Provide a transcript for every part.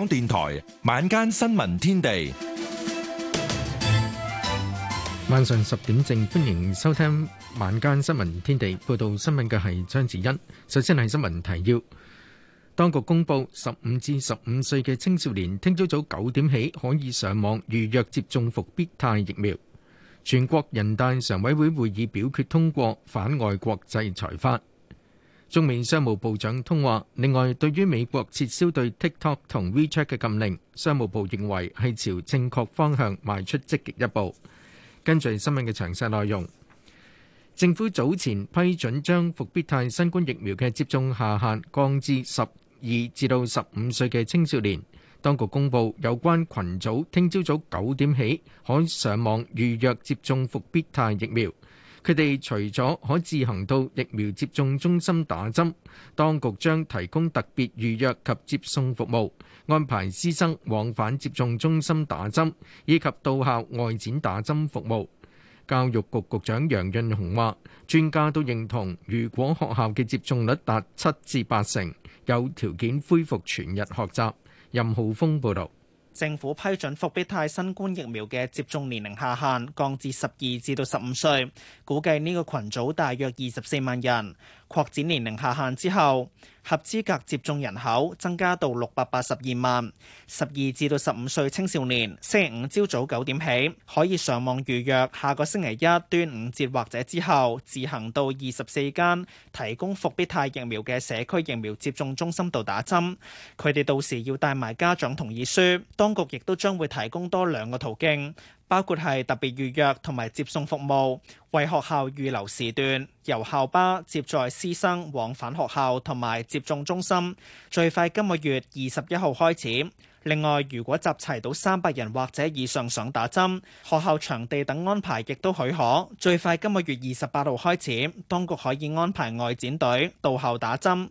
香港電台晚間新聞天地，晚上十點正，歡迎收聽晚間新聞天地。報道新聞嘅係張子欣。首先係新聞提要：當局公布，十五至十五歲嘅青少年，聽朝早九點起可以上網預約接種復必泰疫苗。全國人大常委會會議表決通過反外國制裁法。中美商務部長通話，另外對於美國撤銷對 TikTok 同 WeChat 嘅禁令，商務部認為係朝正確方向邁出積極一步。跟住新聞嘅詳細內容，政府早前批准將復必泰新冠疫苗嘅接種下限降至十二至到十五歲嘅青少年。當局公布有關群組，聽朝早九點起可以上網預約接種復必泰疫苗。佢哋除咗可自行到疫苗接種中心打針，當局將提供特別預約及接送服務，安排師生往返接種中心打針，以及到校外展打針服務。教育局局長楊潤雄話：專家都認同，如果學校嘅接種率達七至八成，有條件恢復全日學習。任浩峯報道。政府批准復必泰新冠疫苗嘅接種年齡下限降至十二至到十五歲，估計呢個群組大約二十四萬人，擴展年齡下限之後。合資格接種人口增加到六百八十二萬。十二至到十五歲青少年，星期五朝早九點起可以上網預約，下個星期一端午節或者之後，自行到二十四間提供復必泰疫苗嘅社區疫苗接種中心度打針。佢哋到時要帶埋家長同意書。當局亦都將會提供多兩個途徑。包括係特別預約同埋接送服務，為學校預留時段，由校巴接載師生往返學校同埋接種中心，最快今個月二十一號開始。另外，如果集齊到三百人或者以上想打針，學校場地等安排亦都許可，最快今個月二十八號開始，當局可以安排外展隊到校打針。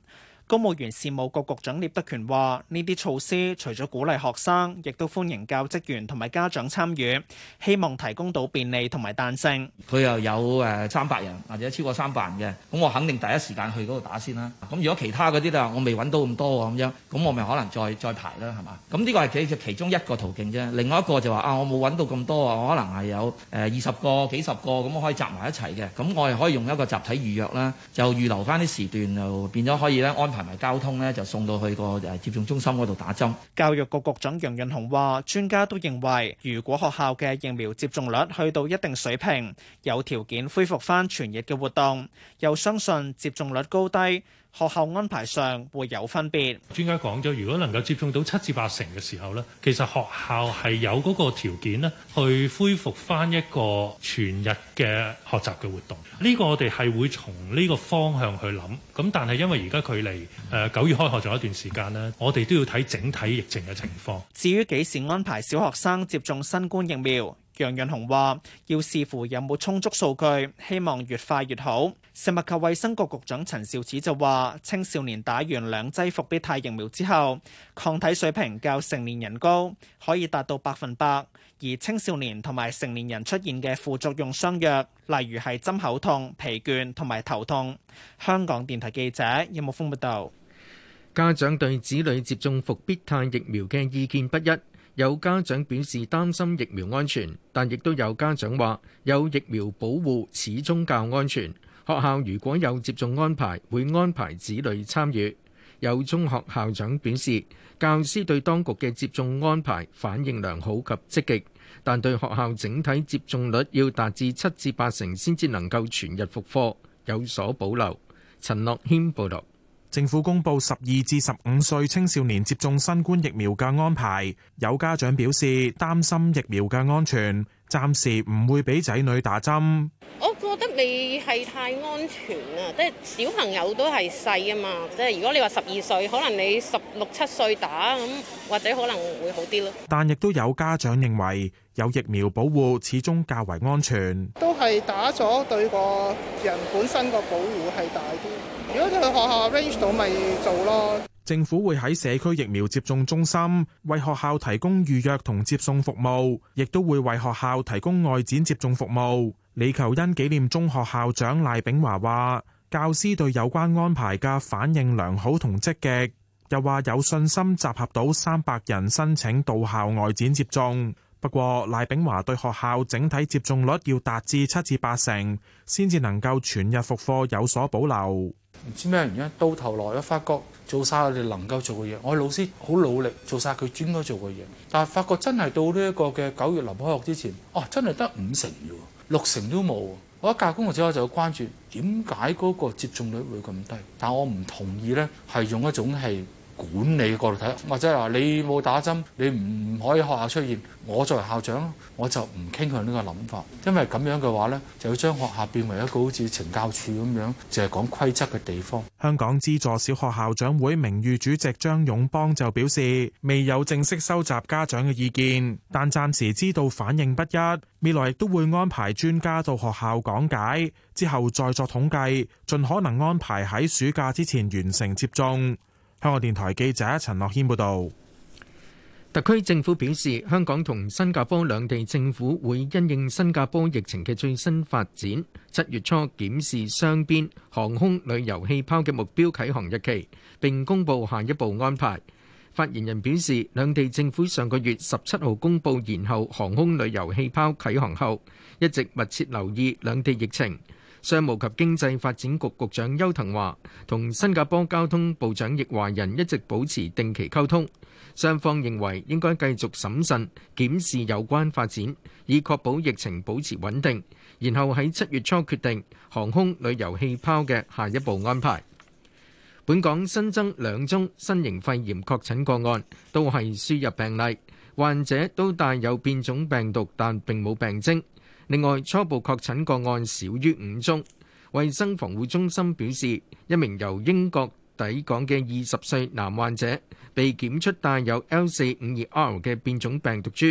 公務員事務局局長聶德權話：呢啲措施除咗鼓勵學生，亦都歡迎教職員同埋家長參與，希望提供到便利同埋彈性。佢又有誒三百人或者超過三百人嘅，咁我肯定第一時間去嗰度打先啦。咁如果其他嗰啲啦，我未揾到咁多啊，咁樣，咁我咪可能再再排啦，係嘛？咁呢個係佢嘅其中一個途徑啫。另外一個就話啊，我冇揾到咁多啊，我可能係有誒二十個、幾十個咁，我可以集埋一齊嘅。咁我係可以用一個集體預約啦，就預留翻啲時段，就變咗可以咧安排。同埋交通呢就送到去個誒接種中心嗰度打針。教育局局長楊潤雄話：專家都認為，如果學校嘅疫苗接種率去到一定水平，有條件恢復翻全日嘅活動，又相信接種率高低，學校安排上會有分別。專家講咗，如果能夠接種到七至八成嘅時候呢，其實學校係有嗰個條件咧，去恢復翻一個全日嘅學習嘅活動。呢個我哋係會從呢個方向去諗。咁但係因為而家距離誒九月開學仲有一段時間呢，我哋都要睇整體疫情嘅情況。至於幾時安排小學生接種新冠疫苗？楊潤雄話，要視乎有冇充足數據，希望越快越好。食物及衛生局局長陳肇始就話，青少年打完兩劑復必泰疫苗之後，抗體水平較成年人高，可以達到百分百。而青少年同埋成年人出現嘅副作用相若，例如係針口痛、疲倦同埋頭痛。香港電台記者葉木峰報道。家長對子女接種復必泰疫苗嘅意見不一。有家長表示擔心疫苗安全，但亦都有家長話有疫苗保護始終較安全。學校如果有接種安排，會安排子女參與。有中學校長表示，教師對當局嘅接種安排反應良好及積極，但對學校整體接種率要達至七至八成先至能夠全日復課，有所保留。陳樂謙報道。政府公布十二至十五歲青少年接種新冠疫苗嘅安排，有家長表示擔心疫苗嘅安全，暫時唔會俾仔女打針。我覺得你係太安全啊，即係小朋友都係細啊嘛，即係如果你話十二歲，可能你十六七歲打咁，或者可能會好啲咯。但亦都有家長認為有疫苗保護始終較為安全，都係打咗對個人本身個保護係大啲。如果佢去學校 range 到，咪做咯。政府會喺社區疫苗接種中心為學校提供預約同接送服務，亦都會為學校提供外展接種服務。李求恩紀念中學校長賴炳華話：教師對有關安排嘅反應良好同積極，又話有信心集合到三百人申請到校外展接種。不過，賴炳華對學校整體接種率要達至七至八成，先至能夠全日復課有所保留。唔知咩原因，到頭來我發覺做晒我哋能夠做嘅嘢，我老師好努力做晒佢應該做嘅嘢，但係發覺真係到呢一個嘅九月臨開學之前，哦、啊，真係得五成啫，六成都冇。我一教工嘅時候就關注點解嗰個接種率會咁低，但我唔同意呢係用一種係。管理角度睇，或者係話你冇打針，你唔可以學校出現，我作為校長我就唔傾向呢個諗法，因為咁樣嘅話咧，就要將學校變為一個好似懲教處咁樣，就係、是、講規則嘅地方。香港資助小學校長會名譽主席張勇邦就表示，未有正式收集家長嘅意見，但暫時知道反應不一，未來亦都會安排專家到學校講解，之後再作統計，盡可能安排喺暑假之前完成接種。香港電台記者陳樂謙報道，特區政府表示，香港同新加坡兩地政府會因應新加坡疫情嘅最新發展，七月初檢視雙邊航空旅遊氣泡嘅目標啟航日期，並公布下一步安排。發言人表示，兩地政府上個月十七號公布延後航空旅遊氣泡啟航後，一直密切留意兩地疫情。商務及經濟發展局局長邱騰華同新加坡交通部長易華仁一直保持定期溝通，雙方認為應該繼續審慎檢視有關發展，以確保疫情保持穩定，然後喺七月初決定航空旅遊氣泡嘅下一步安排。本港新增兩宗新型肺炎確診個案，都係輸入病例，患者都帶有變種病毒，但並冇病徵。另外，初步確診個案少於五宗。衛生防護中心表示，一名由英國抵港嘅二十歲男患者，被檢出帶有 L 四五二 R 嘅變種病毒株；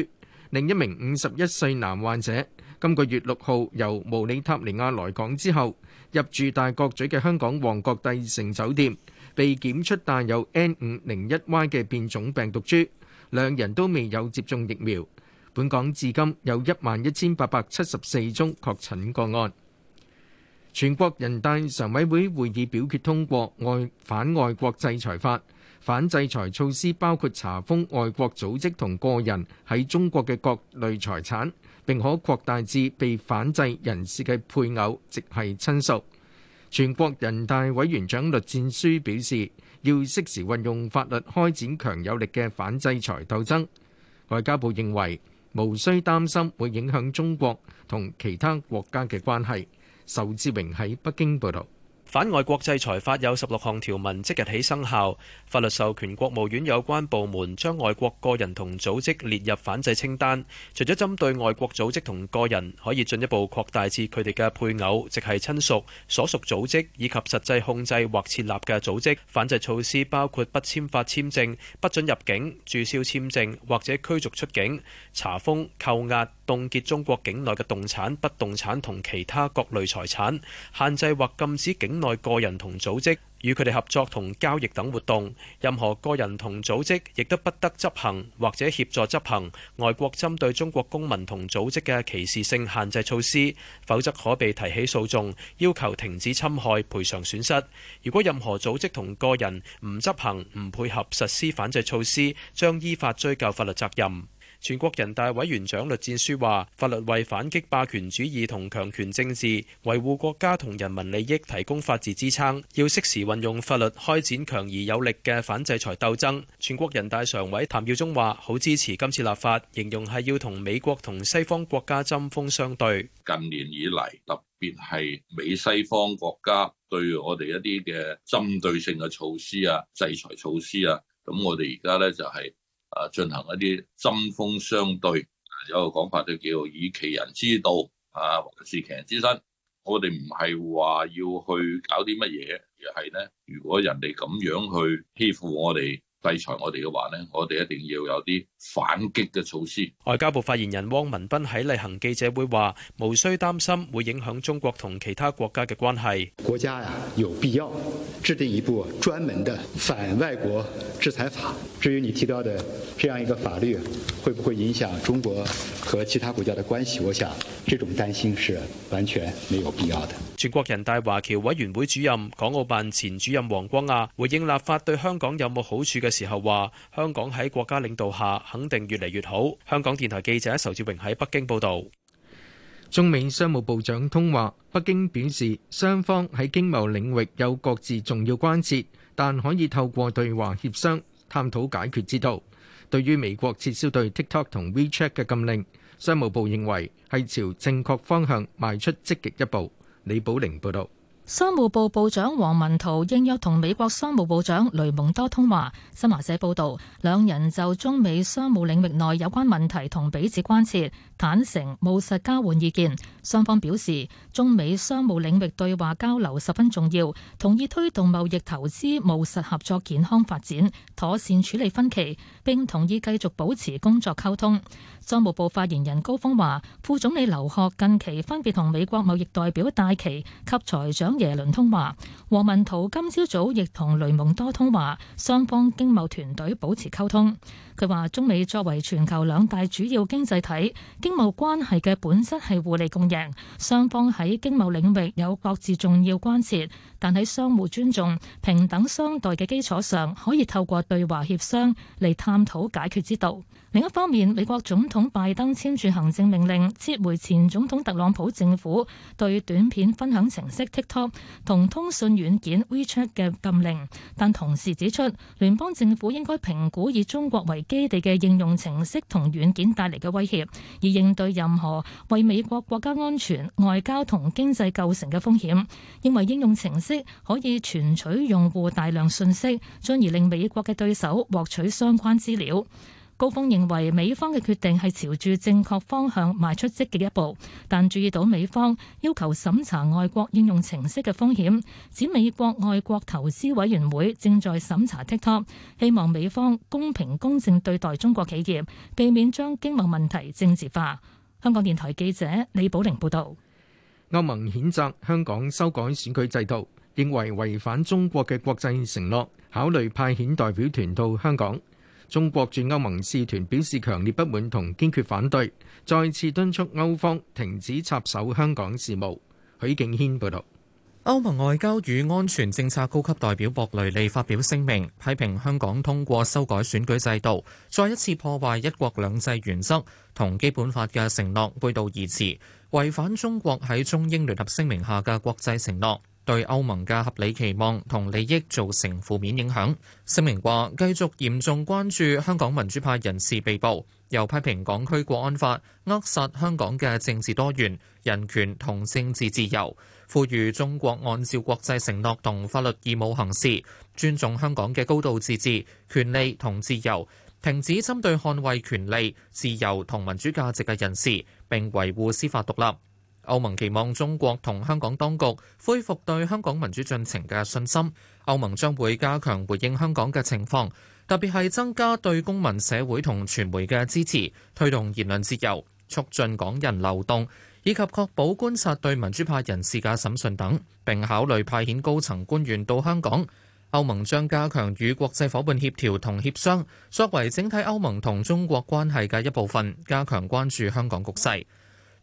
另一名五十一歲男患者，今個月六號由毛里塔尼亞來港之後，入住大角咀嘅香港旺角帝城酒店，被檢出帶有 N 五零一 Y 嘅變種病毒株。兩人都未有接種疫苗。本港至今有一萬一千八百七十四宗確診個案。全國人大常委會會議表決通過《反外國制裁法》，反制裁措施包括查封外國組織同個人喺中國嘅各類財產，並可擴大至被反制人士嘅配偶，即係親屬。全國人大委員長栗戰書表示，要適時運用法律，開展強有力嘅反制裁鬥爭。外交部認為，無需擔心會影響中國同其他國家嘅關係，仇志榮喺北京報道。反外國制裁法有十六項條文即日起生效，法律授權國務院有關部門將外國個人同組織列入反制清單。除咗針對外國組織同個人，可以進一步擴大至佢哋嘅配偶、直系親屬、所屬組織以及實際控制或設立嘅組織。反制措施包括不簽發簽證、不准入境、註銷簽證或者驅逐出境、查封、扣押、凍結中國境內嘅動產、不動產同其他各類財產，限制或禁止境內個人同組織與佢哋合作同交易等活動。任何個人同組織亦都不得執行或者協助執行外國針對中國公民同組織嘅歧視性限制措施，否則可被提起訴訟，要求停止侵害、賠償損失。如果任何組織同個人唔執行、唔配合實施反制措施，將依法追究法律責任。全國人大委員長栗戰書話：法律為反擊霸權主義同強權政治，維護國家同人民利益提供法治支撐，要適時運用法律開展強而有力嘅反制裁鬥爭。全國人大常委譚耀宗話：好支持今次立法，形容係要同美國同西方國家針鋒相對。近年以嚟，特別係美西方國家對我哋一啲嘅針對性嘅措施啊、制裁措施啊，咁我哋而家呢就係、是。啊，進行一啲針鋒相對，有個講法都叫以其人之道啊，還是其人之身。我哋唔係話要去搞啲乜嘢，而係咧，如果人哋咁樣去欺負我哋、制裁我哋嘅話咧，我哋一定要有啲。反擊嘅措施。外交部發言人汪文斌喺例行記者會話：無需擔心會影響中國同其他國家嘅關係。國家呀有必要制定一部專門的反外國制裁法。至於你提到的這樣一個法律，會不會影響中國和其他國家的關係？我想這種擔心是完全沒有必要的。全國人大華僑委員會主任、港澳辦前主任王光亞回應立法對香港有冇好處嘅時候話：香港喺國家領導下，肯定越嚟越好。香港電台記者仇志榮喺北京報道。中美商務部長通話，北京表示，雙方喺經貿領域有各自重要關切，但可以透過對話協商探討解決之道。對於美國撤銷對 TikTok 同 WeChat 嘅禁令，商務部認為係朝正確方向邁出積極一步。李寶玲報道。商務部部長王文濤應約同美國商務部長雷蒙多通話，新華社報道，兩人就中美商務領域內有關問題同彼此關切，坦誠務實交換意見，雙方表示中美商務領域對話交流十分重要，同意推動貿易投資務實合作健康發展，妥善處理分歧，並同意繼續保持工作溝通。商務部發言人高峰話，副總理劉鶴近期分別同美國貿易代表戴琪及財長耶倫通話，王文濤今朝早亦同雷蒙多通話，雙方經貿團隊保持溝通。佢話中美作為全球兩大主要經濟體經貿關係嘅本質係互利共贏，雙方喺經貿領域有各自重要關切，但喺相互尊重、平等相待嘅基礎上，可以透過對話協商嚟探討解決之道。另一方面，美國總統拜登簽署行政命令，撤回前總統特朗普政府對短片分享程式 TikTok 同通訊軟件 WeChat 嘅禁令，但同時指出，聯邦政府應該評估以中國為基地嘅應用程式同軟件帶嚟嘅威脅，以應對任何為美國國家安全、外交同經濟構成嘅風險，認為應用程式可以存取用戶大量訊息，進而令美國嘅對手獲取相關資料。高峰認為美方嘅決定係朝住正確方向邁出積極一步，但注意到美方要求審查外國應用程式嘅風險，指美國外國投資委員會正在審查 TikTok，希望美方公平公正對待中國企業，避免將經貿問題政治化。香港電台記者李寶玲報道。歐盟譴責香港修改選舉制度，認為違反中國嘅國際承諾，考慮派遣代表團到香港。中國駐歐盟使團表示強烈不滿同堅決反對，再次敦促歐方停止插手香港事務。許敬軒報道。歐盟外交與安全政策高級代表博雷利發表聲明，批評香港通過修改選舉制度，再一次破壞一國兩制原則同基本法嘅承諾，背道而馳，違反中國喺中英聯合聲明下嘅國際承諾。對歐盟嘅合理期望同利益造成負面影響。聲明話，繼續嚴重關注香港民主派人士被捕，又批評港區國安法扼殺香港嘅政治多元、人權同政治自由，呼籲中國按照國際承諾同法律義務行事，尊重香港嘅高度自治、權利同自由，停止針對捍衞權利、自由同民主價值嘅人士，並維護司法獨立。歐盟期望中國同香港當局恢復對香港民主進程嘅信心。歐盟將會加強回應香港嘅情況，特別係增加對公民社會同傳媒嘅支持，推動言論自由，促進港人流動，以及確保觀察對民主派人士嘅審訊等。並考慮派遣高層官員到香港。歐盟將加強與國際伙伴協調同協商，作為整體歐盟同中國關係嘅一部分，加強關注香港局勢。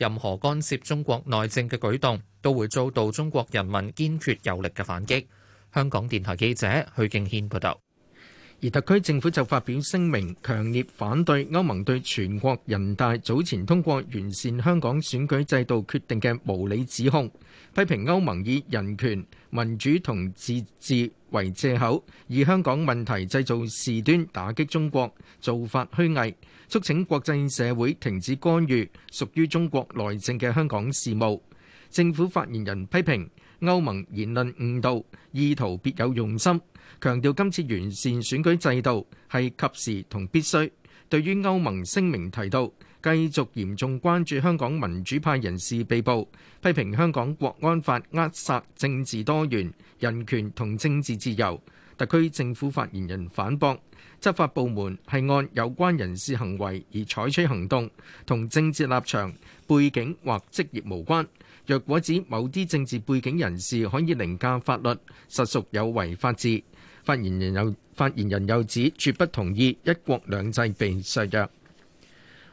任何干涉中國內政嘅舉動，都會遭到中國人民堅決有力嘅反擊。香港電台記者許敬軒報道。而特區政府就發表聲明，強烈反對歐盟對全國人大早前通過完善香港選舉制度決定嘅無理指控。批評歐盟以人權、民主同自治為借口，以香港問題製造事端，打擊中國，做法虛偽，促請國際社會停止干預屬於中國內政嘅香港事務。政府發言人批評歐盟言論誤導，意圖別有用心，強調今次完善選舉制度係及時同必須。對於歐盟聲明提到，繼續嚴重關注香港民主派人士被捕，批評香港國安法扼殺政治多元、人權同政治自由。特區政府發言人反駁，執法部門係按有關人士行為而採取行動，同政治立場、背景或職業無關。若果指某啲政治背景人士可以凌駕法律，實屬有違法治。發言人又發言人又指，絕不同意一國兩制被削弱。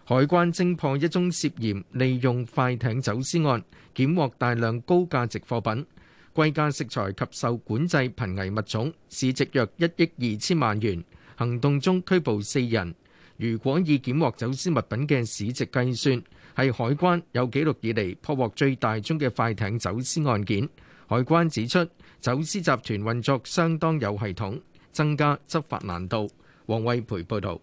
海關偵破一宗涉嫌利用快艇走私案，檢獲大量高價值貨品、貴價食材及受管制瀕危物種，市值約一億二千萬元。行動中拘捕四人。如果以檢獲走私物品嘅市值計算，係海關有記錄以嚟破獲最大宗嘅快艇走私案件。海關指出，走私集團運作相當有系統，增加執法難度。王惠培報導。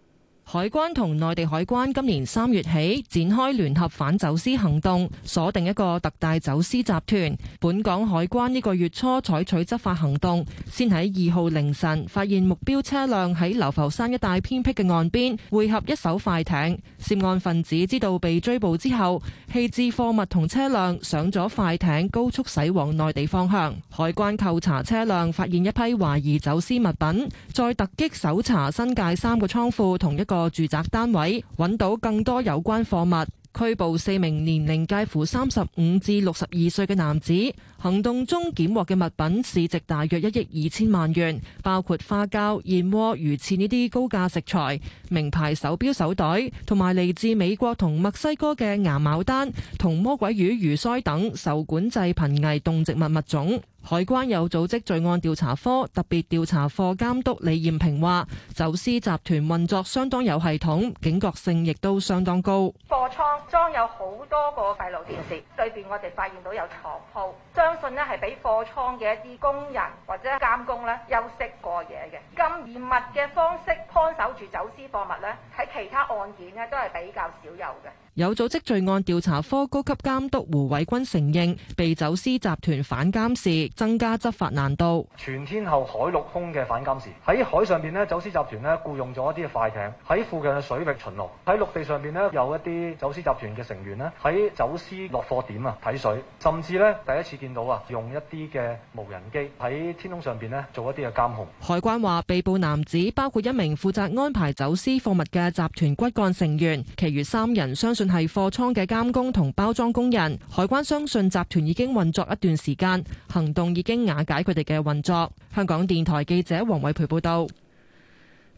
海關同內地海關今年三月起展開聯合反走私行動，鎖定一個特大走私集團。本港海關呢個月初採取執法行動，先喺二號凌晨發現目標車輛喺流浮山一帶偏僻嘅岸邊匯合一艘快艇。涉案分子知道被追捕之後，棄置貨物同車輛上咗快艇，高速駛往內地方向。海關扣查車輛，發現一批懷疑走私物品，再突擊搜查新界三個倉庫同一個個住宅單位搵到更多有關貨物，拘捕四名年齡介乎三十五至六十二歲嘅男子。行動中檢獲嘅物品市值大約一億二千萬元，包括花膠、燕窩、魚翅呢啲高價食材、名牌手錶、手袋，同埋嚟自美國同墨西哥嘅牙牡丹同魔鬼魚、魚鰓等受管制瀕危動植物物種。海關有組織罪案調查科特別調查課監督李艷平話，走私集團運作相當有系統，警覺性亦都相當高。貨倉裝有好多個閉路電視，裏邊我哋發現到有床鋪，相信咧係俾貨倉嘅一啲工人或者監工咧休息過夜嘅。咁嚴密嘅方式看守住走私貨物咧，喺其他案件咧都係比較少有嘅。有組織罪案調查科高級監督胡偉軍承認，被走私集團反監視，增加執法難度。全天候海陸空嘅反監視，喺海上邊呢，走私集團呢，僱傭咗一啲嘅快艇喺附近嘅水域巡邏；喺陸地上邊呢，有一啲走私集團嘅成員呢，喺走私落貨點啊睇水，甚至呢第一次見到啊用一啲嘅無人機喺天空上邊呢做一啲嘅監控。海關話，被捕男子包括一名負責安排走私貨物嘅集團骨幹成員，其餘三人相信。係貨倉嘅監工同包裝工人，海關相信集團已經運作一段時間，行動已經瓦解佢哋嘅運作。香港電台記者黃偉培報道。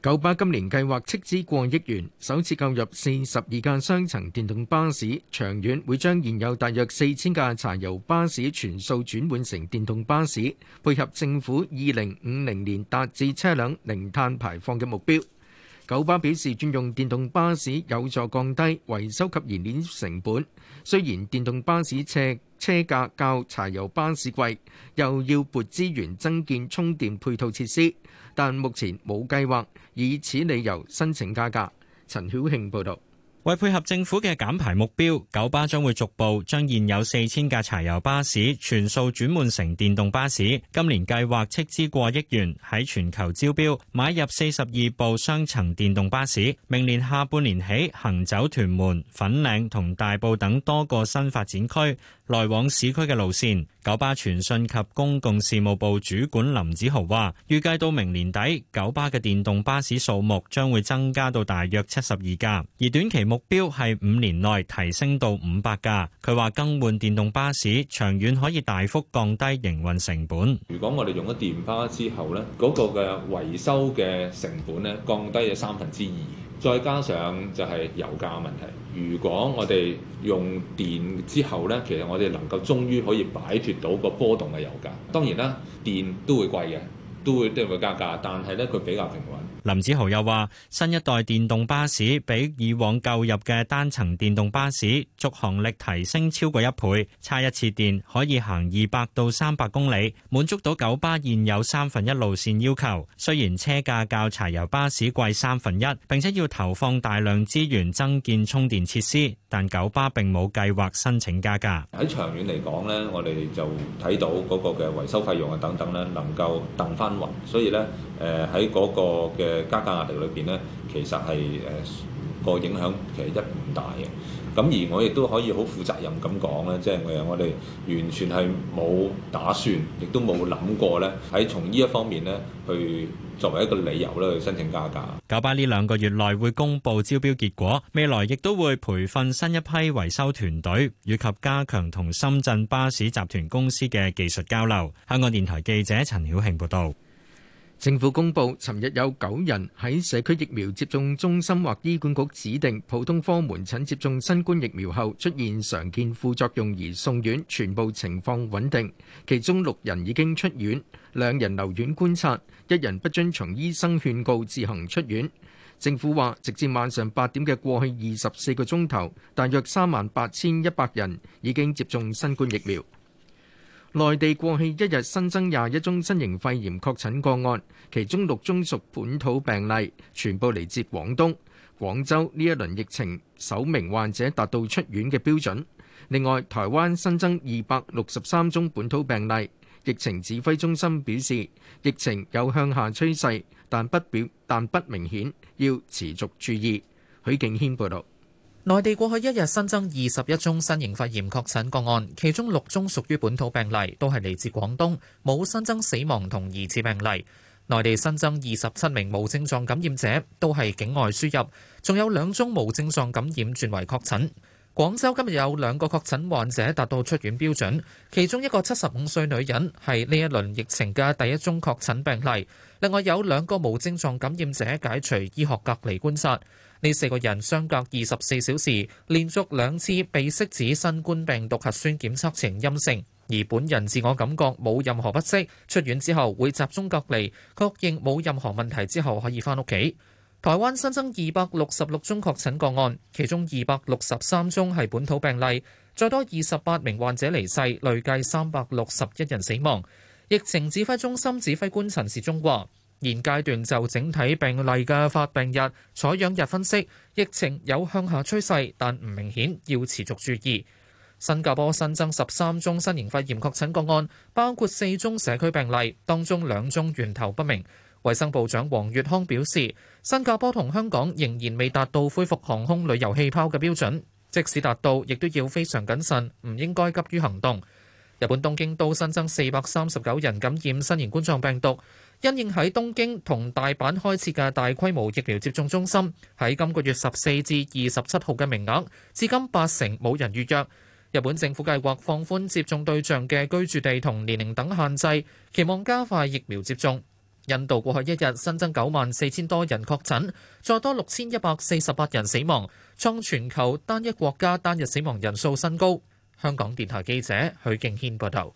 九巴今年計劃斥資過億元，首次購入四十二架雙層電動巴士。長遠會將現有大約四千架柴油巴士全數轉換成電動巴士，配合政府二零五零年達至車輛零碳排放嘅目標。九巴表示，專用電動巴士有助降低維修及燃料成本。雖然電動巴士車車價較柴油巴士貴，又要撥資源增建充電配套設施，但目前冇計劃以此理由申請加價。陳曉慶報導。為配合政府嘅減排目標，九巴將會逐步將現有四千架柴油巴士全數轉換成電動巴士。今年計劃斥資過億元，喺全球招標，買入四十二部雙層電動巴士，明年下半年起，行走屯門、粉嶺同大埔等多個新發展區。來往市區嘅路線，九巴傳訊及公共事務部主管林子豪話，預計到明年底，九巴嘅電動巴士數目將會增加到大約七十二架，而短期目標係五年內提升到五百架。佢話更換電動巴士，長遠可以大幅降低營運成本。如果我哋用咗電巴之後呢，嗰個嘅維修嘅成本呢，降低咗三分之二。再加上就係油價問題，如果我哋用電之後咧，其實我哋能夠終於可以擺脫到個波動嘅油價。當然啦，電都會貴嘅，都會都會加價，但係咧佢比較平穩。林子豪又話：新一代電動巴士比以往購入嘅單層電動巴士續航力提升超過一倍，叉一次電可以行二百到三百公里，滿足到九巴現有三分一路線要求。雖然車價較柴油巴士貴三分一，並且要投放大量資源增建充電設施，但九巴並冇計劃申請加價。喺長遠嚟講呢，我哋就睇到嗰個嘅維修費用啊等等咧，能夠掟翻雲，所以呢誒喺嗰個嘅。誒加價壓力裏邊咧，其實係誒個影響其實一唔大嘅。咁而我亦都可以好負責任咁講咧，即係我哋完全係冇打算，亦都冇諗過咧，喺從呢一方面咧去作為一個理由咧去申請加價。九巴呢兩個月內會公布招標結果，未來亦都會培訓新一批維修團隊，以及加強同深圳巴士集團公司嘅技術交流。香港電台記者陳曉慶報道。政府公布，尋日有九人喺社區疫苗接種中心或醫管局指定普通科門診接種新冠疫苗後出現常見副作用而送院，全部情況穩定。其中六人已經出院，兩人留院觀察，一人不遵從醫生勸告自行出院。政府話，直至晚上八點嘅過去二十四個鐘頭，大約三萬八千一百人已經接種新冠疫苗。內地過去一日新增廿一宗新型肺炎確診個案，其中六宗屬本土病例，全部嚟自廣東。廣州呢一輪疫情首名患者達到出院嘅標準。另外，台灣新增二百六十三宗本土病例。疫情指揮中心表示，疫情有向下趨勢，但不表但不明顯，要持續注意。許敬軒報道。內地過去一日新增二十一宗新型肺炎確診個案，其中六宗屬於本土病例，都係嚟自廣東，冇新增死亡同疑似病例。內地新增二十七名無症狀感染者，都係境外輸入，仲有兩宗無症狀感染轉為確診。廣州今日有兩個確診患者達到出院標準，其中一個七十五歲女人係呢一輪疫情嘅第一宗確診病例，另外有兩個無症狀感染者解除醫學隔離觀察。呢四個人相隔二十四小時，連續兩次被識指新冠病毒核酸檢測呈陰性，而本人自我感覺冇任何不適。出院之後會集中隔離，確認冇任何問題之後可以返屋企。台灣新增二百六十六宗確診個案，其中二百六十三宗係本土病例，再多二十八名患者離世，累計三百六十一人死亡。疫情指揮中心指揮官陳時中話。現階段就整體病例嘅發病日、採樣日分析，疫情有向下趨勢，但唔明顯，要持續注意。新加坡新增十三宗新型肺炎確診個案，包括四宗社區病例，當中兩宗源頭不明。衛生部長王乙康表示，新加坡同香港仍然未達到恢復航空旅遊氣泡嘅標準，即使達到，亦都要非常謹慎，唔應該急於行動。日本東京都新增四百三十九人感染新型冠狀病毒，因應喺東京同大阪開設嘅大規模疫苗接種中心，喺今個月十四至二十七號嘅名額，至今八成冇人預約。日本政府計劃放寬接種對象嘅居住地同年齡等限制，期望加快疫苗接種。印度過去一日新增九萬四千多人確診，再多六千一百四十八人死亡，創全球單一國家單日死亡人數新高。香港電台記者許敬軒報道，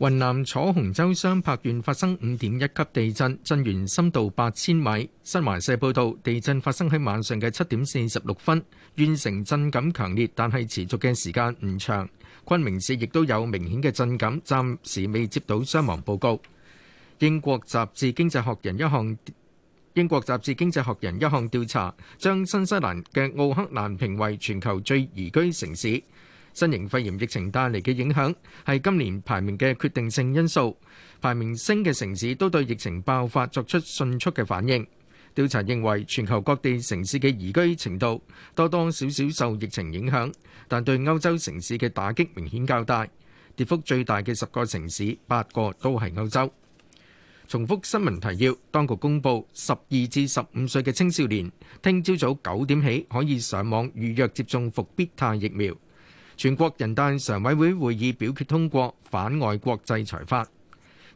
雲南楚雄州雙柏縣發生五點一級地震，震源深度八千米。新華社報道，地震發生喺晚上嘅七點四十六分，縣城震感強烈，但係持續嘅時間唔長。昆明市亦都有明顯嘅震感，暫時未接到傷亡報告。英國雜誌《經濟學人》一項英國雜誌《經濟學人》一項調查，將新西蘭嘅奧克蘭評為全球最宜居城市。新型肺炎疫情帶嚟嘅影響係今年排名嘅決定性因素。排名升嘅城市都對疫情爆發作出迅速嘅反應。調查認為全球各地城市嘅宜居程度多多少少受疫情影響，但對歐洲城市嘅打擊明顯較大。跌幅最大嘅十個城市，八個都係歐洲。重複新聞提要：當局公布，十二至十五歲嘅青少年聽朝早九點起可以上網預約接種復必泰疫苗。全國人大常委會會議表決通過反外國制裁法。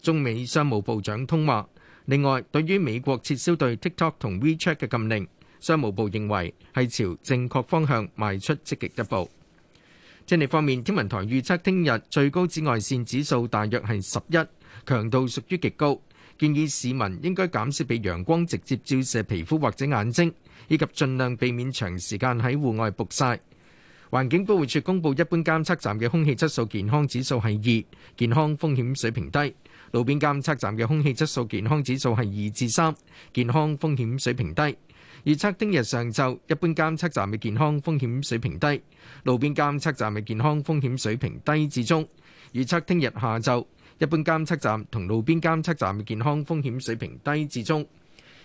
中美商務部長通話。另外，對於美國撤銷對 TikTok 同 WeChat 嘅禁令，商務部認為係朝正確方向邁出積極一步。天氣方面，天文台預測聽日最高紫外線指數大約係十一，強度屬於極高，建議市民應該減少被陽光直接照射皮膚或者眼睛，以及盡量避免長時間喺戶外曝曬。環境保護署公布一般監測站嘅空氣質素健康指數係二，健康風險水平低；路邊監測站嘅空氣質素健康指數係二至三，健康風險水平低。預測聽日上晝一般監測站嘅健康風險水平低，路邊監測站嘅健康風險水平低至中。預測聽日下晝一般監測站同路邊監測站嘅健康風險水平低至中。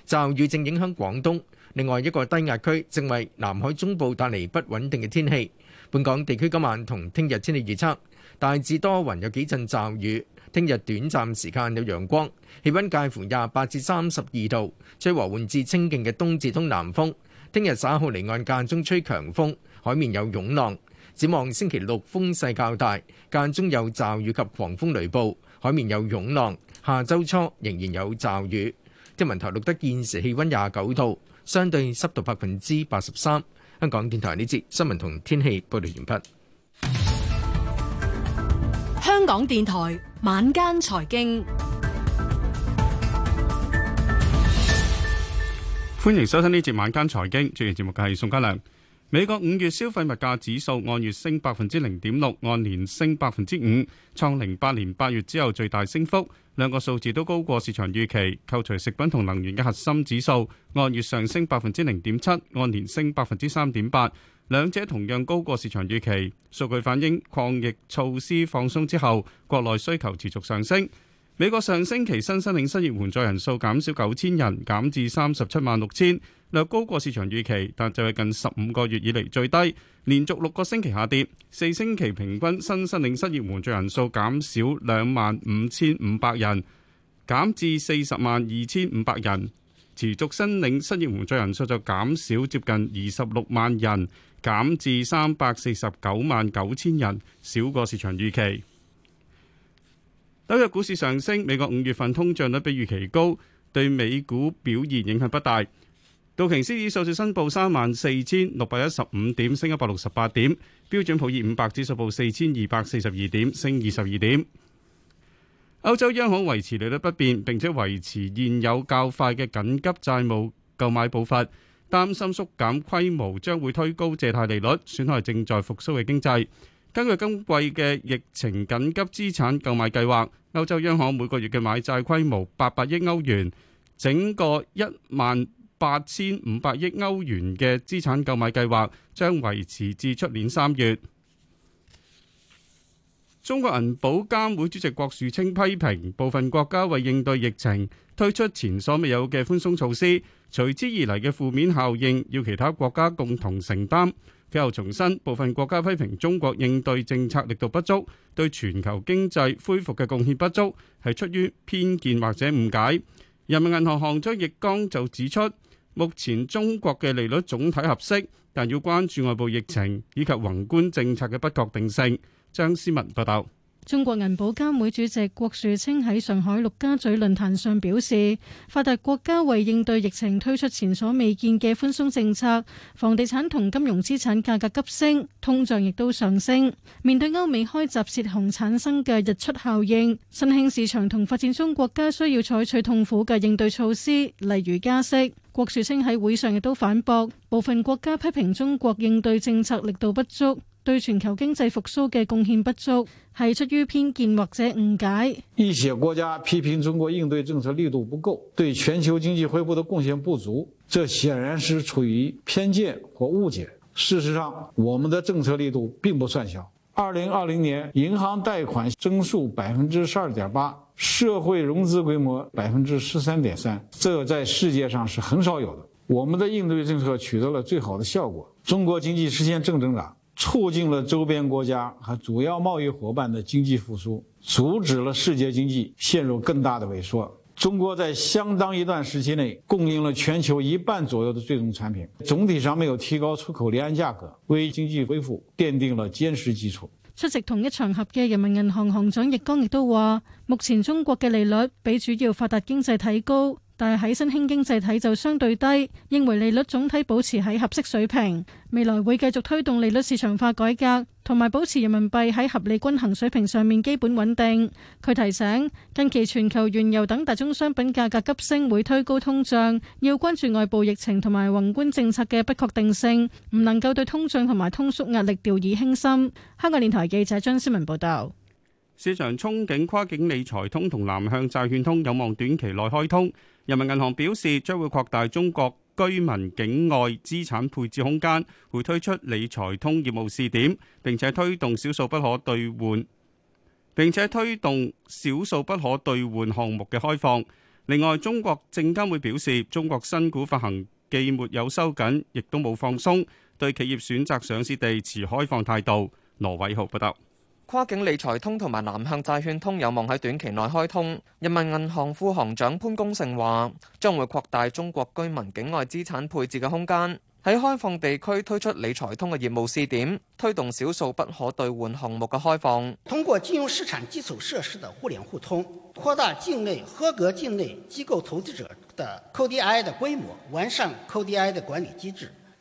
驟雨正影響廣東。另外一個低壓區正為南海中部帶嚟不穩定嘅天氣。本港地區今晚同聽日天氣預測大致多雲，有幾陣驟雨。聽日短暫時間有陽光，氣温介乎廿八至三十二度，吹和緩至清勁嘅東至東南風。聽日稍後離岸間中吹強風，海面有湧浪。展望星期六風勢較大，間中有驟雨及狂風雷暴，海面有湧浪。下周初仍然有驟雨。天文台錄得現時氣温廿九度。相對濕度百分之八十三。香港電台呢節新聞同天氣報道完畢。香港電台晚間財經，歡迎收聽呢節晚間財經。主持節目嘅係宋家亮。美國五月消費物價指數按月升百分之零點六，按年升百分之五，創零八年八月之後最大升幅。兩個數字都高過市場預期。扣除食品同能源嘅核心指數，按月上升百分之零點七，按年升百分之三點八，兩者同樣高過市場預期。數據反映，抗疫措施放鬆之後，國內需求持續上升。美國上星期新申領失業援助人數減少九千人，減至三十七萬六千，略高過市場預期，但就係近十五個月以嚟最低，連續六個星期下跌。四星期平均新申領失業援助人數減少兩萬五千五百人，減至四十萬二千五百人。持續申領失業援助人數就減少接近二十六萬人，減至三百四十九萬九千人，少過市場預期。紐約股市上升，美國五月份通脹率比預期高，對美股表現影響不大。道瓊斯指數申報三萬四千六百一十五點，升一百六十八點。標準普爾五百指數報四千二百四十二點，升二十二點。歐洲央行維持利率不變，並且維持現有較快嘅緊急債務購買步伐，擔心縮減規模將會推高借貸利率，損害正在復蘇嘅經濟。根據今季嘅疫情緊急資產購買計劃，歐洲央行每個月嘅買債規模八百億歐元，整個一萬八千五百億歐元嘅資產購買計劃將維持至出年三月。中國銀保監會主席郭樹清批評部分國家為應對疫情推出前所未有嘅寬鬆措施，隨之而嚟嘅負面效應要其他國家共同承擔。佢又重申，部分國家批評中國應對政策力度不足，對全球經濟恢復嘅貢獻不足，係出於偏見或者誤解。人民銀行行長易綱就指出，目前中國嘅利率總體合適，但要關注外部疫情以及宏觀政策嘅不確定性。張思文報道，中國銀保監會主席郭樹清喺上海陸家嘴論壇上表示，發達國家為應對疫情推出前所未見嘅寬鬆政策，房地產同金融資產價格急升，通脹亦都上升。面對歐美開閘洩洪產生嘅溢出效應，新興市場同發展中國家需要採取痛苦嘅應對措施，例如加息。郭樹清喺會上亦都反駁，部分國家批評中國應對政策力度不足。對全球經濟復甦的貢獻不足，是出於偏見或者誤解。一些國家批評中國應對政策力度不夠，對全球經濟恢復的貢獻不足，這顯然是出於偏見或誤解。事實上，我們的政策力度並不算小。二零二零年銀行貸款增速百分之十二點八，社會融資規模百分之十三點三，這在世界上是很少有的。我們的應對政策取得了最好的效果，中國經濟實現正增長。促進了周邊國家和主要貿易夥伴的經濟復蘇，阻止了世界經濟陷入更大的萎縮。中國在相當一段時期內供應了全球一半左右的最終產品，總體上沒有提高出口離岸價格，為經濟恢復奠定了堅實基礎。出席同一場合嘅人民銀行行長易綱亦都話，目前中國嘅利率比主要發達經濟體高。但係喺新興經濟體就相對低，認為利率總體保持喺合適水平，未來會繼續推動利率市場化改革，同埋保持人民幣喺合理均衡水平上面基本穩定。佢提醒近期全球原油等大宗商品價格急升，會推高通脹，要關注外部疫情同埋宏觀政策嘅不確定性，唔能夠對通脹同埋通縮壓力掉以輕心。香港電台記者張思文報道，市場憧憬跨境理財通同南向債券通有望短期內開通。人民銀行表示將會擴大中國居民境外資產配置空間，會推出理財通業務試點，並且推動少數不可兌換，並且推動少數不可兌換項目嘅開放。另外，中國證監會表示，中國新股發行既沒有收緊，亦都冇放鬆，對企業選擇上市地持開放態度。羅偉豪報道。跨境理財通同埋南向債券通有望喺短期內開通。人民銀行副行長潘功勝話，將會擴大中國居民境外資產配置嘅空間，喺開放地區推出理財通嘅業務試點，推動少數不可兌換項目嘅開放。通過金融市場基礎設施的互聯互通，擴大境內合格境內機構投資者的 QDII 的規模，完善 QDII 的管理機制。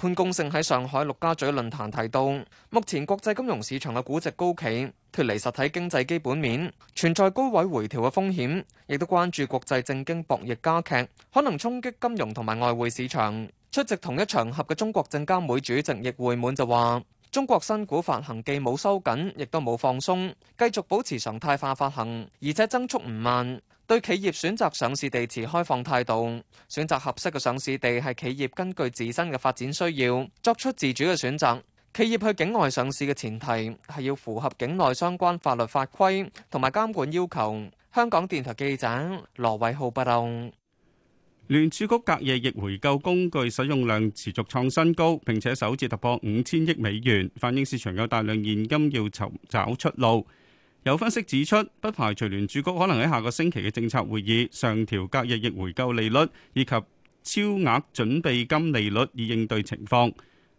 潘功勝喺上海陸家嘴論壇提到，目前國際金融市場嘅估值高企，脫離實體經濟基本面，存在高位回調嘅風險，亦都關注國際政經博弈加劇，可能衝擊金融同埋外匯市場。出席同一場合嘅中國證監會主席易會滿就話，中國新股發行既冇收緊，亦都冇放鬆，繼續保持常態化發行，而且增速唔慢。對企業選擇上市地持開放態度，選擇合適嘅上市地係企業根據自身嘅發展需要作出自主嘅選擇。企業去境外上市嘅前提係要符合境內相關法律法規同埋監管要求。香港電台記者羅偉浩報道，聯儲局隔夜逆回購工具使用量持續創新高，並且首次突破五千億美元，反映市場有大量現金要尋找出路。有分析指出，不排除聯儲局可能喺下個星期嘅政策會議上調隔夜逆回購利率以及超額準備金利率，以應對情況。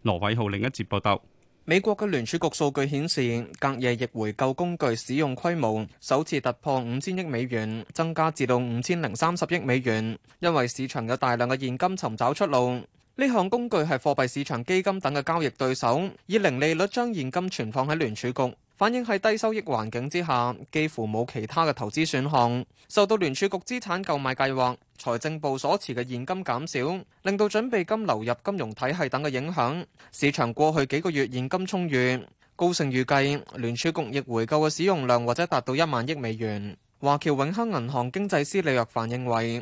羅偉浩，另一節報道，美國嘅聯儲局數據顯示，隔夜逆回購工具使用規模首次突破五千億美元，增加至到五千零三十億美元，因為市場有大量嘅現金尋找出路。呢項工具係貨幣市場基金等嘅交易對手，以零利率將現金存放喺聯儲局。反映喺低收益環境之下，幾乎冇其他嘅投資選項，受到聯儲局資產購買計劃，財政部所持嘅現金減少，令到準備金流入金融體系等嘅影響，市場過去幾個月現金充裕。高盛預計聯儲局逆回購嘅使用量或者達到一萬億美元。華僑永亨銀行經濟師李若凡認為。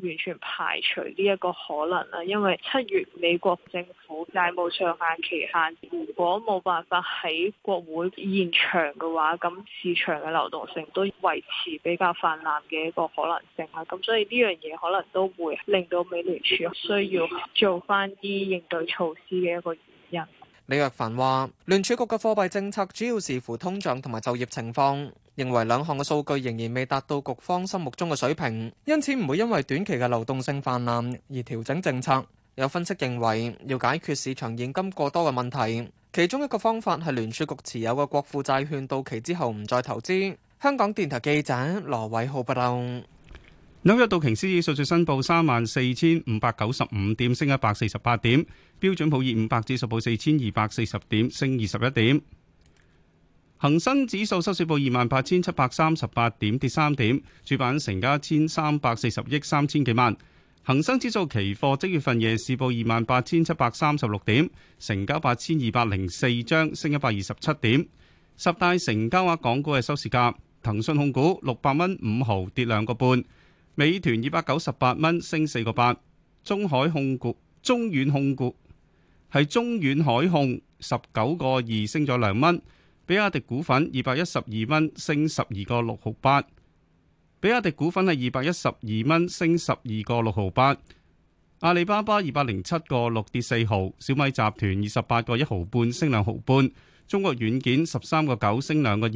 完全排除呢一個可能啦，因為七月美國政府債務上限期限如果冇辦法喺國會延長嘅話，咁市場嘅流動性都維持比較泛濫嘅一個可能性啊，咁所以呢樣嘢可能都會令到美聯儲需要做翻啲應對措施嘅一個原因。李若凡話：聯儲局嘅貨幣政策主要視乎通脹同埋就業情況，認為兩項嘅數據仍然未達到局方心目中嘅水平，因此唔會因為短期嘅流動性泛濫而調整政策。有分析認為，要解決市場現金過多嘅問題，其中一個方法係聯儲局持有嘅國庫債券到期之後唔再投資。香港電台記者羅偉浩不道報道。紐約道瓊斯指數收報三萬四千五百九十五點，升一百四十八點。標準普爾五百指數報四千二百四十點，升二十一點。恒生指數收市報二萬八千七百三十八點，跌三點。主板成交一千三百四十億三千幾萬。恒生指數期貨即月份夜市報二萬八千七百三十六點，成交八千二百零四張，升一百二十七點。十大成交額港股嘅收市價，騰訊控股六百蚊五毫，跌兩個半；美團二百九十八蚊，升四個八；中海控股、中遠控股。係中遠海控十九個二升咗兩蚊，比亞迪股份二百一十二蚊升十二個六毫八，比亞迪股份係二百一十二蚊升十二個六毫八。阿里巴巴二百零七個六跌四毫，小米集團二十八個一毫半升兩毫半，中國軟件十三個九升兩個二，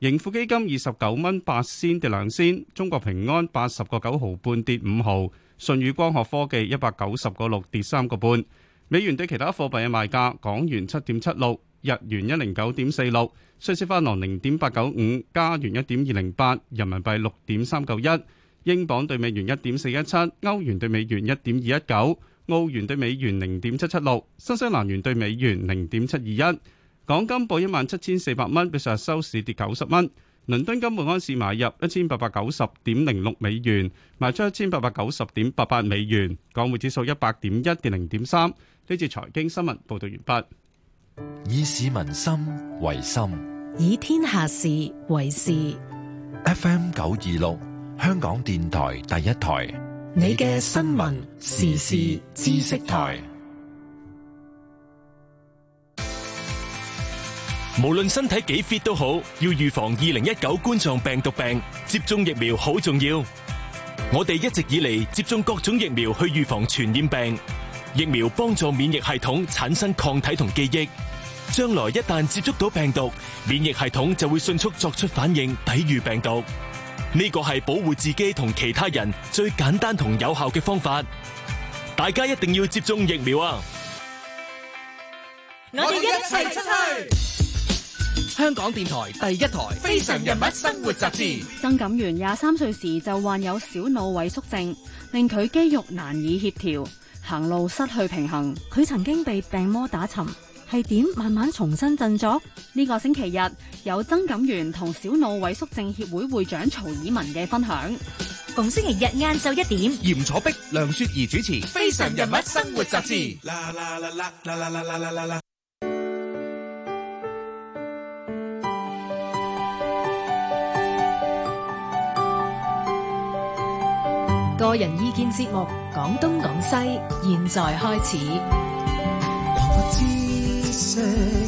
盈富基金二十九蚊八仙跌兩仙，中國平安八十個九毫半跌五毫，舜宇光學科技一百九十個六跌三個半。美元對其他貨幣嘅賣價：港元七點七六，日元一零九點四六，瑞士法郎零點八九五，加元一點二零八，人民幣六點三九一，英鎊兌美元一點四一七，歐元兌美元一點二一九，澳元兌美元零點七七六，新西蘭元兌美元零點七二一。港金報一萬七千四百蚊，比上日收市跌九十蚊。倫敦金每安士買入一千八百九十點零六美元，賣出一千八百九十點八八美元。港匯指數一百點一點零點三。呢次財經新聞報道完畢。以市民心為心，以天下事為事。F M 九二六，香港電台第一台，你嘅新聞時事知識台。無論身體幾 fit 都好，要預防二零一九冠狀病毒病，接種疫苗好重要。我哋一直以嚟，接種各種疫苗去預防傳染病。疫苗幫助免疫系統產生抗體同記憶，將來一旦接觸到病毒，免疫系統就會迅速作出反應，抵禦病毒。呢個係保護自己同其他人最簡單同有效嘅方法，大家一定要接種疫苗啊！我哋一齊出去。香港電台第一台《非常人物生活雜誌》，曾錦源廿三歲時就患有小腦萎縮症，令佢肌肉難以協調，行路失去平衡。佢曾經被病魔打沉，係點慢慢重新振作？呢個星期日有曾錦源同小腦萎縮症協會會長曹以文嘅分享。逢星期日晏晝一點，嚴楚碧、梁雪怡主持《非常人物生活雜誌》。個人意見節目《講東講西》，現在開始。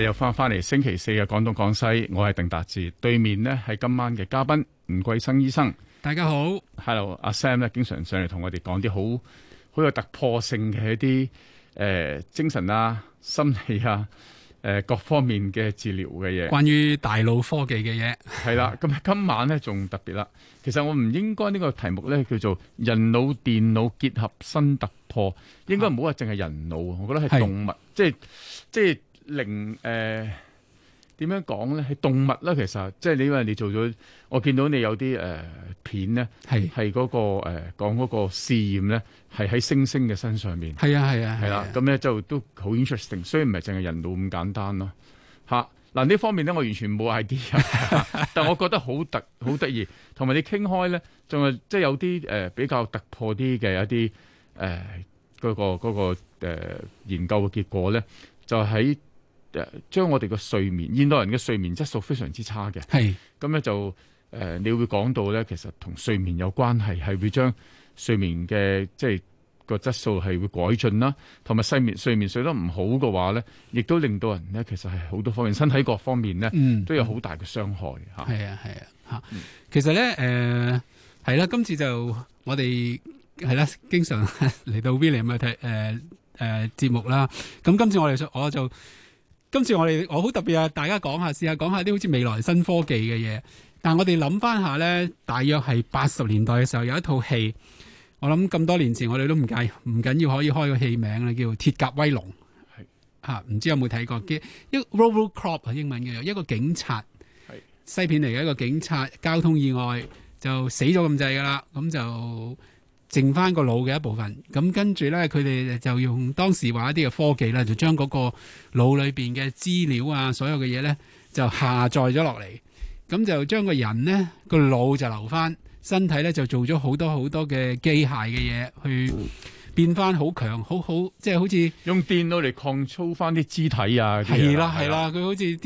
又翻翻嚟星期四嘅廣東廣西，我係鄧達志，對面呢係今晚嘅嘉賓吳桂生醫生。大家好，Hello，阿 Sam 咧，經常上嚟同我哋講啲好好有突破性嘅一啲誒、呃、精神啊、心理啊、誒、呃、各方面嘅治療嘅嘢，關於大腦科技嘅嘢，係啦、嗯。咁今晚咧仲特別啦。其實我唔應該呢個題目咧叫做人腦電腦結合新突破，應該唔好話淨係人腦，啊、我覺得係動物，即係即係。是 零誒點樣講咧？係動物啦，其實即係你話你做咗，我見到你有啲誒片咧，係係嗰個誒講嗰個試驗咧，係喺猩猩嘅身上面。係啊，係啊，係啦。咁咧就都好 interesting，雖然唔係淨係人道咁簡單咯。嚇嗱呢方面咧，我完全冇 idea，但我覺得好特好得意。同埋你傾開咧，仲係即係有啲誒比較突破啲嘅一啲誒嗰個嗰個研究嘅結果咧，就喺。將我哋個睡眠，現代人嘅睡眠質素非常之差嘅，係咁咧就誒，你會講到咧，其實同睡眠有關係，係會將睡眠嘅即係個質素係會改進啦。同埋，睡眠睡眠睡得唔好嘅話咧，亦都令到人咧，其實係好多方面，身體各方面咧、嗯、都有好大嘅傷害吓。係、嗯嗯、啊，係啊，吓。其實咧，誒係啦，今次就我哋係咧，經常嚟到 V 你咪睇誒誒節目啦。咁、嗯、今次我哋就我就。我就我就我就我就今次我哋，我好特別啊！大家講下，試下講下啲好似未來新科技嘅嘢。但係我哋諗翻下咧，大約係八十年代嘅時候有一套戲。我諗咁多年前我哋都唔介唔緊要，可以開個戲名啦，叫《鐵甲威龍》。係嚇是，啊，唔知有冇睇過？嘅一 Robocop 係英文嘅，有一個警察。係是西片嚟嘅，一個警察交通意外就死咗咁滯㗎啦，咁就。剩翻個腦嘅一部分，咁跟住咧，佢哋就用當時話一啲嘅科技啦，就將嗰個腦裏邊嘅資料啊，所有嘅嘢咧，就下載咗落嚟，咁就將個人咧個腦就留翻，身體咧就做咗好多好多嘅機械嘅嘢，去變翻、就是、好強，好好即係好似用電腦嚟 control 翻啲肢體啊，係啦係啦，佢啦啦好似啲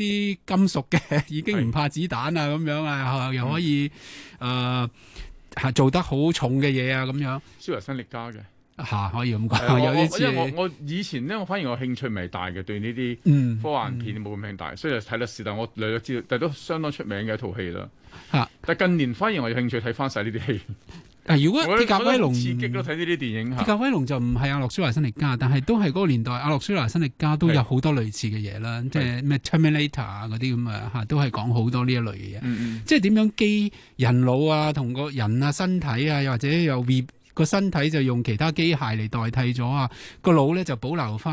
金屬嘅已經唔怕子彈啊咁是樣啊，又可以誒。嗯呃係做得好重嘅嘢啊，咁樣。超人新力加嘅，吓、啊、可以咁講。呃、有啲因為我我以前咧，我反而我興趣唔係大嘅，對呢啲嗯科幻片冇咁興大，嗯嗯、所以睇得少。但我略略知道，但都相當出名嘅一套戲啦。吓、啊，但係近年反而我有興趣睇翻晒呢啲戲。嗱，但如果《鐵甲威龍》刺激咯，睇呢啲電影，《鐵甲威龍》就唔係阿洛舒華辛力加， 但係都係個年代阿洛舒華辛力加都有好多類似嘅嘢啦， 即係咩 Terminator 啊啲咁啊吓都係講好多呢一類嘢。嗯嗯，即係點樣機，人腦啊，同個人啊身體啊，又或者又個身體就用其他機械嚟代替咗啊，個腦咧就保留翻。